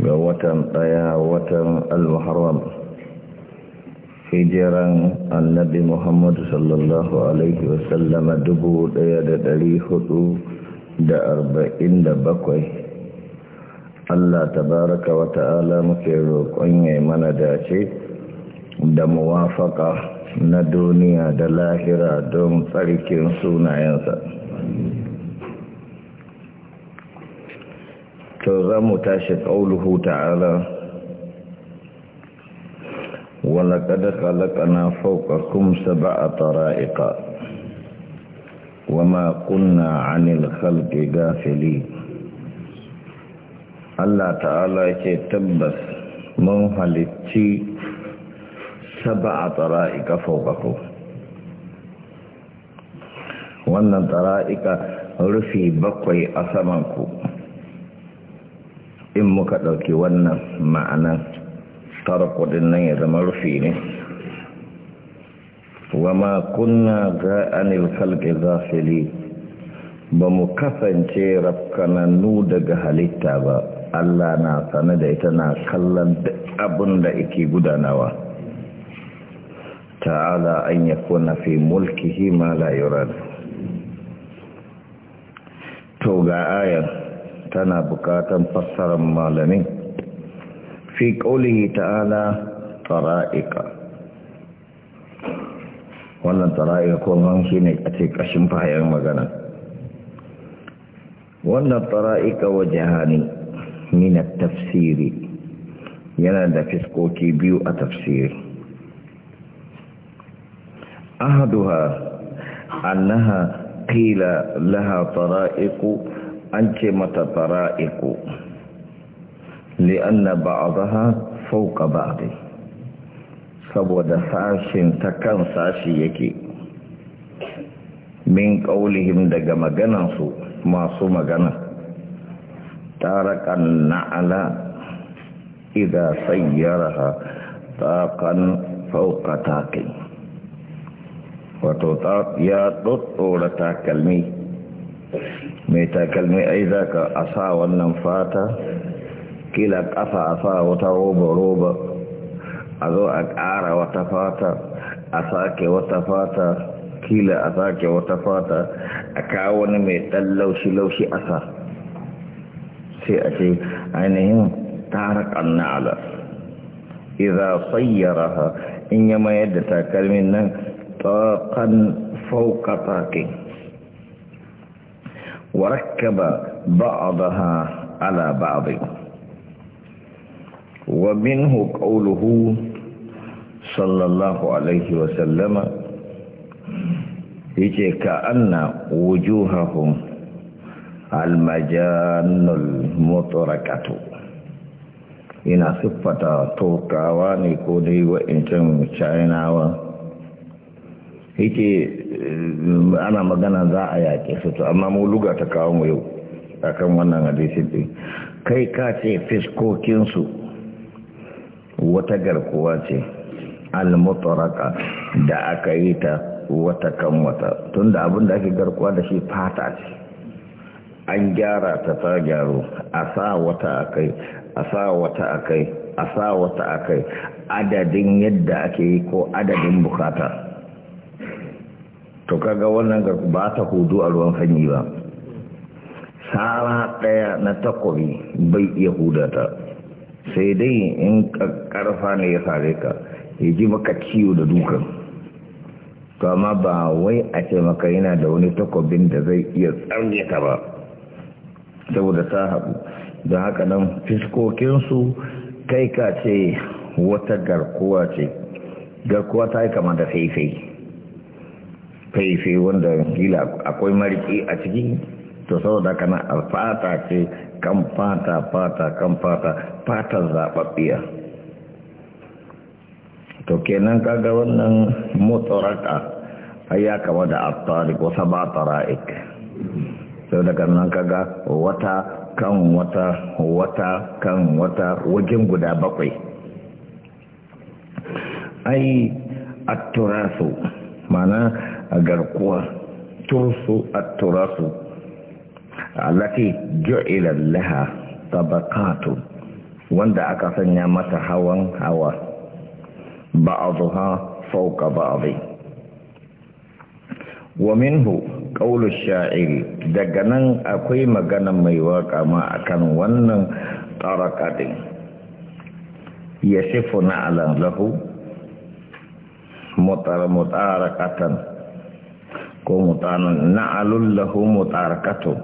ga watan ɗaya watan al-muharram hijiran annabi muhammadu sallallahu alaihi wasallama dubu ɗaya da ɗari hudu da arba'in da bakwai Allah tabaraka wa ta'ala muke roƙon ya mana dace da muwafaka na duniya da lahira don tsarkin sunayensa. to za mu tashi ƙauluhu ta'ala walaƙad khalaqna fawqakum sab'a tara'iqa wama kunna 'anil halki, ghafilin Allah ta'ala yake tabbas mun halicci sab'a tara'iqa ku. wannan tara'iqa rufi bakwai a samanku in muka ɗauki wannan ma'anan kuɗin nan ya zama rufi ne ma kunna ga anil falke zafili ba mu kasance rafkananu daga halitta ba Allah na sane da ita na kallon abin da ake gudanawa ta'ala an ya kuna fi mulki himala la to ga ayar tana bukatan fassarar malamin fi ƙaulihi ta'ala tara'ika wannan tara'ika ko man shi ne a ce ƙashin fahayar magana wannan tara'ika wa jihani minar tafsiri yana da fiskoki biyu a tafsiri ahaduha annaha qila laha tara'iku an ce mata tara'iku li'anna ba'daha fawqa ba'd saboda sashin ta kan sashi yake min qaulihim daga maganan su masu magana tarakan na'ala idza sayyaraha taqan fawqa taqi wato ya dottora takalmi mai takalmi ai za ka a sa wannan fata kila ƙasa a sa wata roba-roba a zo a ƙara wata fata a sake wata fata kila a sake wata fata a kawo wani mai ɗan laushi-laushi a sa sai a ce ainihin tarakan na'ala iza sayyara in yi mayar da takalmin nan tsakan fauka takin وركب بعضها على بعض ومنه قوله صلى الله عليه وسلم يجي كأن وجوههم المجان المطركة ina siffata turkawa ne ko dai wa'incan chinawa yake eh, ana magana za a yaƙe su amma mu luga ta kawo mu yau a kan wannan hadisi din kai ka ce fiskokinsu wata garkuwa ce almutaraka da aka yi ta wata kan wata tunda abin da ake garkuwa da shi fata ce an gyara ta ta gyaro a sa wata kai a sa wata kai a sa wata akai adadin yadda ake yi ko adadin bukata to kaga wannan ga ba ta hudu a ruwan sanyi ba sara ɗaya na takobi bai iya hudata sai dai in ƙarfa ne ya sare ka ya ji maka ciwo da dukan to amma ba wai a ce maka yana da wani takobin da zai iya tsarni ta ba saboda ta haɗu don haka nan fiskokinsu kai ka ce wata garkuwa ce garkuwa ta yi kama da faifai faife wanda gila akwai mariki a ciki to saboda kana alfata ce kan fata fata kan fata fata zaɓaɓɓiya to kenan kaga wannan motsaraka ya kama da aftari ko sabata tara'ik sau daga nan kaga wata kan wata wata kan wata wajen guda bakwai ai turasu mana a garkuwa tunsu a turasu alati ju'ila laha wanda aka sanya mata hawan hawa ba a ba'dhi wa hu qawlu shairi daga nan akwai magana mai waƙa ma akan wannan ya na yasifuna ala lahu ƙatan ko mutan na alul lahu mutarakatu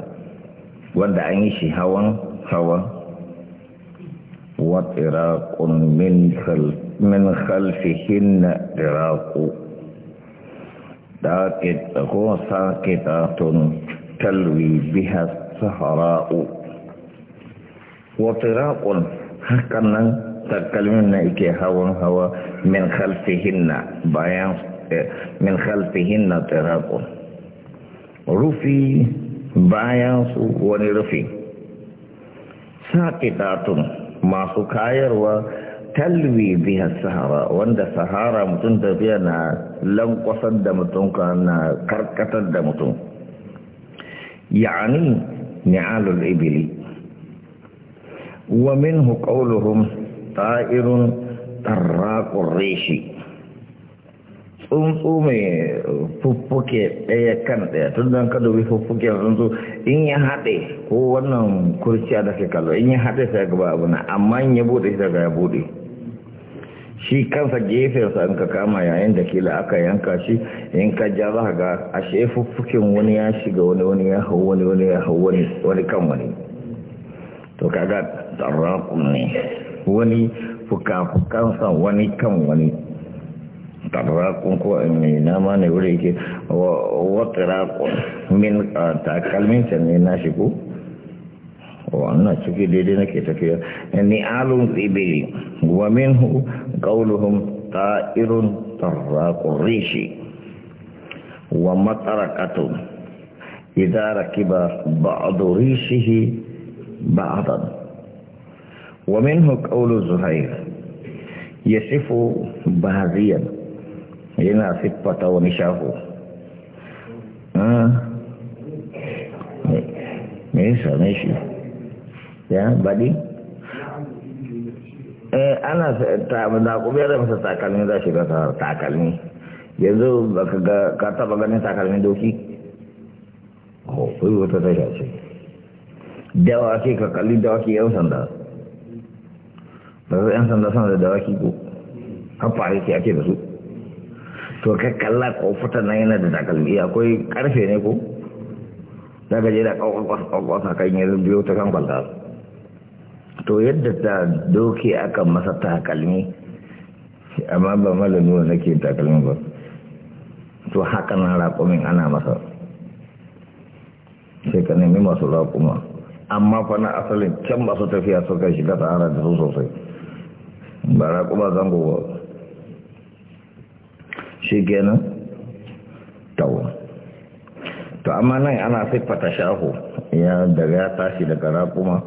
wanda an yi shi hawan hawa wa iraqun min khal min khalfihin iraqu da ke ko sa ke ta tun talwi biha sahara'u wa iraqun hakan nan ta kalmin na ike hawan hawa min khalfihin bayan من خلفهن طراق rufi bayan su wani rufi saƙiɗatun masu kayarwa talwi biyar sahara wanda sahara mutum tafiya na lankwasar da mutum na karkatar da mutum ya'ani ni'alul ibili wa minhu qawluhum ta'irun tarraqur rishi tsuntsu mai fuffuke ɗaya kan ɗaya tun don ka dubi fuffuke tsuntsu in ya haɗe ko wannan kurciya da ke kallo in ya haɗe sai gaba abu na amma in ya buɗe shi daga ya buɗe shi kansa gefensa in ka kama yayin da kila aka yanka shi in ka ja za ga ashe fuffuken wani ya shiga wani wani ya hau wani wani ya hau wani kan wani to kaga tsarrakun ne wani fuka-fukansa wani kan wani طراق من ما نقولك وطراق من تكلمين سنينا شكو wannan ciki daidai nake tafiya ni'alun tsibiri wa minhu qauluhum ta'irun tarraqur rishi wa mataraqatun idza rakiba ba'du rishihi ba'dan wa minhu qawlu zuhair yasifu baziyan yana siffata wani shafo ah. me ya same shi ya baɗi eh, ana da kuma yadda masa takalmi za shi shiga takalmi yanzu ka taba ganin takalmi doki kai wata tasha dawa dawaki ka kalli dawaki yan sanda ba da yan sanda sanda dawa dawaki ko haɓa ke ake da su to ka kalla kofuta nan yana da takalmi akwai karfe ne ko daga je da kwakwasa kan yi biyo ta kan kwalta to yadda ta doke aka masa takalmi amma ba malami wa nake takalmi ba to haka na raƙumin ana masa sai ka nemi masu raƙuma amma fa na asalin can masu tafiya suka shiga tsara da su sosai ba raƙuma zango ba shi kenan tawo to amma nan ana siffata shahu. ya daga ya tashi daga raƙuma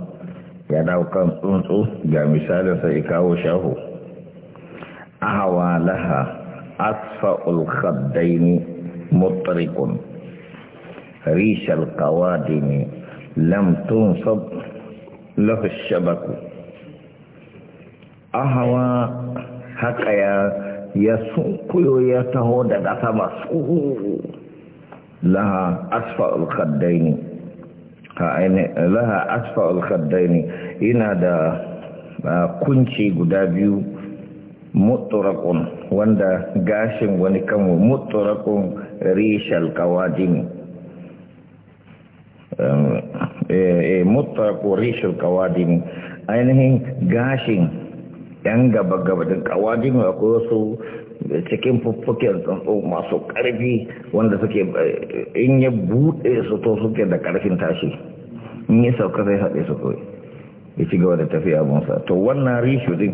ya dawo kan tsuntsu ga misalin sai kawo shaho ahawa laha asfa'ul khaddaini mutrikun rishal qawadini lam tunsab lahu shabaku ahawa haka ya ya kuyo ya taho daga sama su laha asfa'ul khaddaini laha asfa'ul khaddaini ina da kunci guda biyu muturakun wanda gashin wani kanmu muturakun rishal kawajini eh, eh, muturakun rishal kawajini ainihin gashin yan gaba gaba din kawajin akwai wasu cikin fuffuken tsantsu masu ƙarfi wanda suke eh, in ya buɗe su to suke da ƙarfin tashi in yi sauka sai haɗe su kawai ya ci gaba da tafiya bunsa to wannan rishu din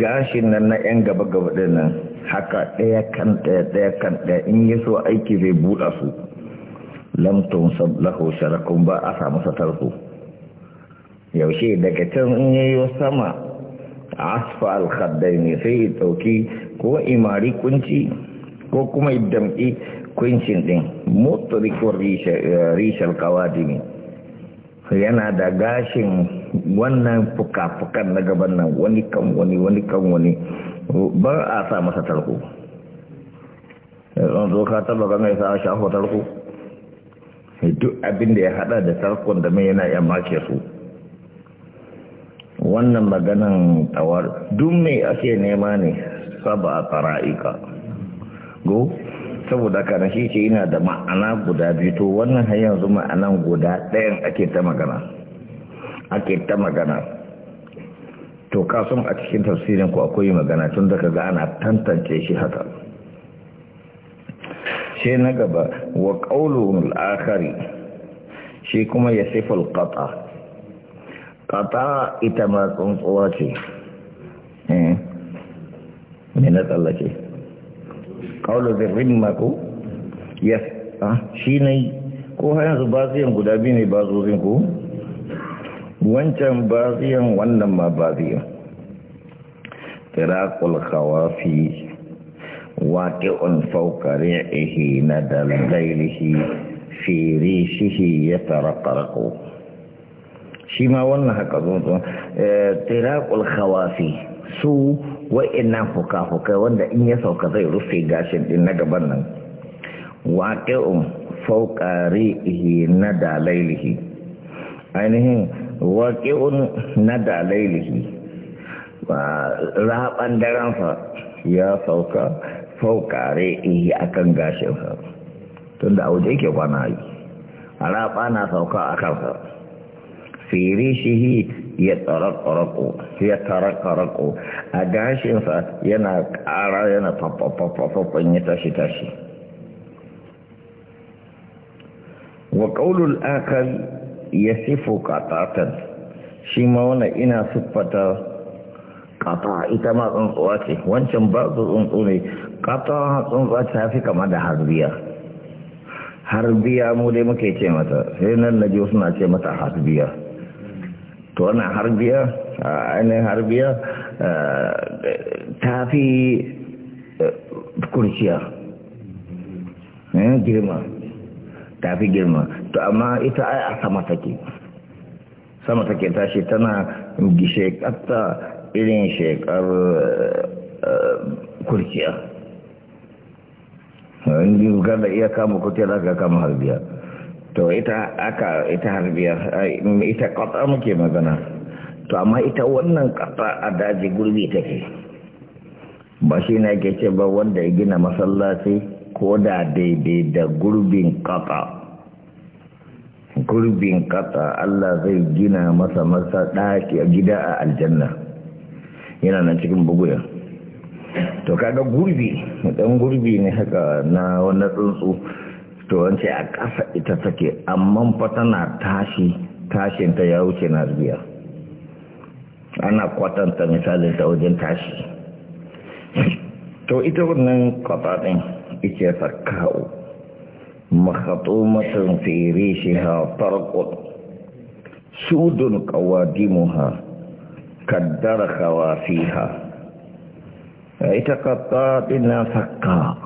gashin nan na yan gaba gaba din nan haka ɗaya kan ɗaya ɗaya kan ɗaya in yi so aiki zai buɗa su lamtun sablahu sharakun ba a samu satar su yaushe daga can in yayo sama asfa al-khaddaini sai ya dauki ko imari kunci ko kuma idamki kuncin din mutrikur risha al qawadimi yana da gashin wannan fuka-fukan na gaban nan wani kan wani wani kan wani ba a sa masa tarko yanzu ka taba ganin sa shafa tarko duk abin da ya hada da tarkon da mai yana yamma ke su wannan maganan tawar duk mai ake nema ne saba a tara'ika go saboda kana shi ce yana da ma'ana guda biyu to wannan har yanzu ma'anan guda ɗayan ake ta magana ake ta magana to kasan a cikin tafsirin ku akwai magana tun da ga ana tantance shi haka sai na gaba wa ƙaunar al'akari shi kuma ya sifar ƙata kata ita ma tsuntsuwa ce ne eh. na tsallake ƙaunar zirrin mako yes ah, shi ne ko hanyar yanzu baziyan guda biyu ne bazozin ku? wancan baziyan wannan ma baziyan tirakul khawafi waƙi'un faukari ihe na dalailihi fi rishihi ya tara ƙarƙo shi ma wannan haka zuwa tirakul khawafi su waina fuka-fukai wanda in ya sauka zai rufe gashin din na gaban nan waƙi'un fauƙari ri'ihi na dalailihi ainihin waƙi'un na dalailihi raban daren fa ya sauka fauƙari akan gashin tunda a wuce yake kwana yi raɓa na sauka a kansa. Firishihi ya tarakarako ya a gashinsa yana kara yana fafafafafafan ya tashi-tashi wa ƙaunul akal ya sifo katatan shi ma wani ina siffata kata ita ma tsuntsuwa ce wancan ba su tsuntsu ne kata tsuntsuwa ce ya fi kama da harbiya harbiya mu dai muke ce mata sai nan na ji suna ce mata harbiya to wannan harbiya ainihin harbiya ta fi kurciya eh, girma ta fi girma to ita ai a sama take sama take tashi tana shekarta irin shekar kurciya wani gada iya kama kuce za ka kama harbiya to ita aka ita harbiyar ita kwata muke magana to amma ita wannan kwata a daji gurbi take ba shi na ke ce ba wanda ya gina masallaci ko da daidai da gurbin kwata gurbin kwata Allah zai gina masa masa ɗaki a gida a aljanna yana nan cikin buguya to kaga gurbi ɗan gurbi ne haka na wani tsuntsu to wance a ƙasa ita take amma fa tana tashi tashinta ya wuce na biya ana kwatanta misalin ta wajen tashi to ita wannan kwataɗin ita saka'u makhatumatun shi ha tarqut sudun qawadimuha kaddara ha ita kwataɗin na saka'u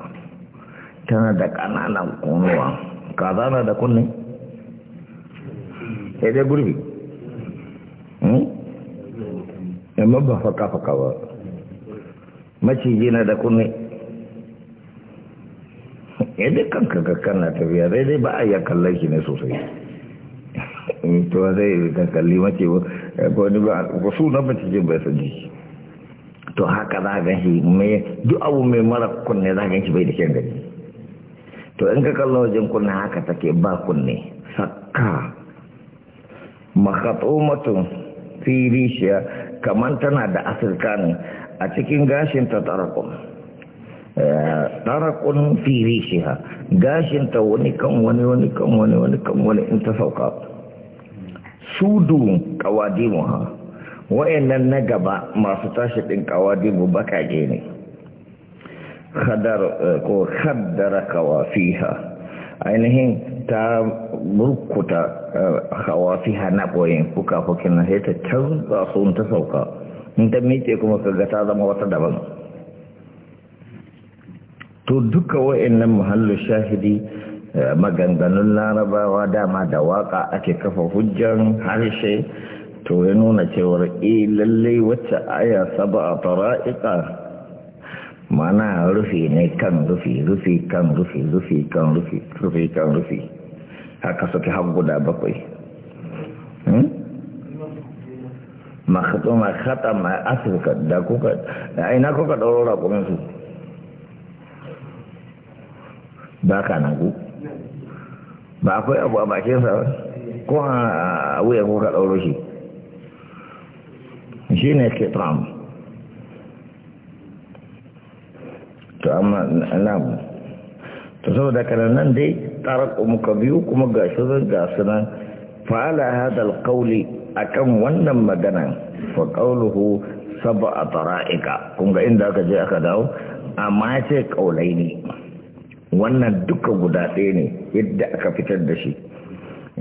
tana da ƙananan kunuwa ka zana da kunne sai dai gurbi yamma hmm? ba faka-faka ba maciji na da kunne ya dai kanka kakkan na tafiya dai dai ba a yi kallon shi ne sosai hmm, to zai ka kalli mace wani ba su na macijin bai sanji to haka za a gan shi mai duk abu mai mara kunne za a gan shi bai da kyan gani to in ka kalla wajen kunna haka take ba kunne sakka makhatumatun fi rishiya kaman tana da asirkan ne a cikin gashin ta tarakun eh, tarakun fi rishiya gashin ta wani kan wani wani kan wani wani kan wani in ta sauka sudu ha? wa'annan na gaba masu tashi din kawadimu bakage ne ko haddara kawafiha ainihin ta burkuta kawafiha na boyin fuka-fukin na sai ta canza su ta sauka in ta miƙe kuma kaga ta zama wata daban to duka nan muhallin shahidi maganganun larabawa dama da waka ake kafa hujjan harshe to ya nuna cewar e lallai wacce aya saba a fara'ika mana rufi ne kan rufi rufi kan rufi rufi kan rufi rufi kan rufi haka suke har guda bakwai hmm? makhatoma khatama asirka da kuka da aina kuka kuma su ba ka nan ku ba akwai abu a bakinsa ko a wuya kuka ɗauro shi shi ne ke trump to amma ana to saboda kana nan dai tarar muka biyu kuma ga shi ga sunan fa'ala hadal a akan wannan magana fa qawluhu sab'a tara'ika kun ga inda aka je aka dawo amma ce kaulai ne wannan duka guda ɗaya ne yadda aka fitar da shi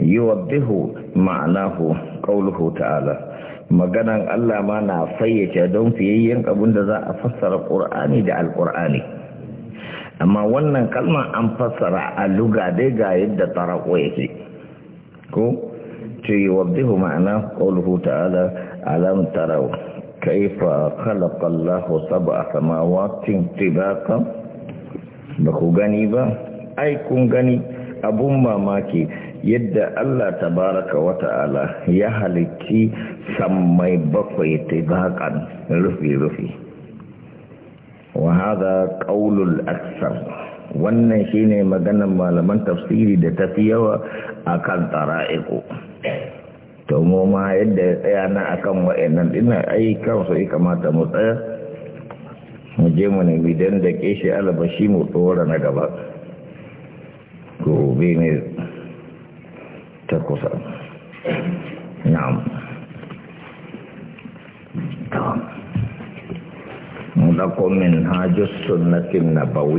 yuwaddihu ma'anahu qawluhu ta'ala maganan Allah ma na fayyace don fiyayyen abin da za a fassara ƙur'ani da alƙur'ani amma wannan kalma an fassara a luga dai ga yadda tarako yake ko ce yi wabdihu ma'ana ƙauluhu ta'ala alam tarau kaifa khalaqa sab'a samawatin tibaqa ba ku gani ba ai kun gani abun mamaki yadda Allah tabaraka wa ta'ala ya halicci sammai bakwai tibakan rufi-rufi wa haza ƙaunul aksar wannan ne maganar malaman tafsiri da tafi yawa akan tsara to mu ma yadda ya tsaya na akan wa'annan dinnan ai kansu ya kamata mu tsaya mu je mu nemi don da ke shi albashi mu tsora na gaba gobe ne ta kusa na'am ta mun da komin hajjus sunnatin nabawi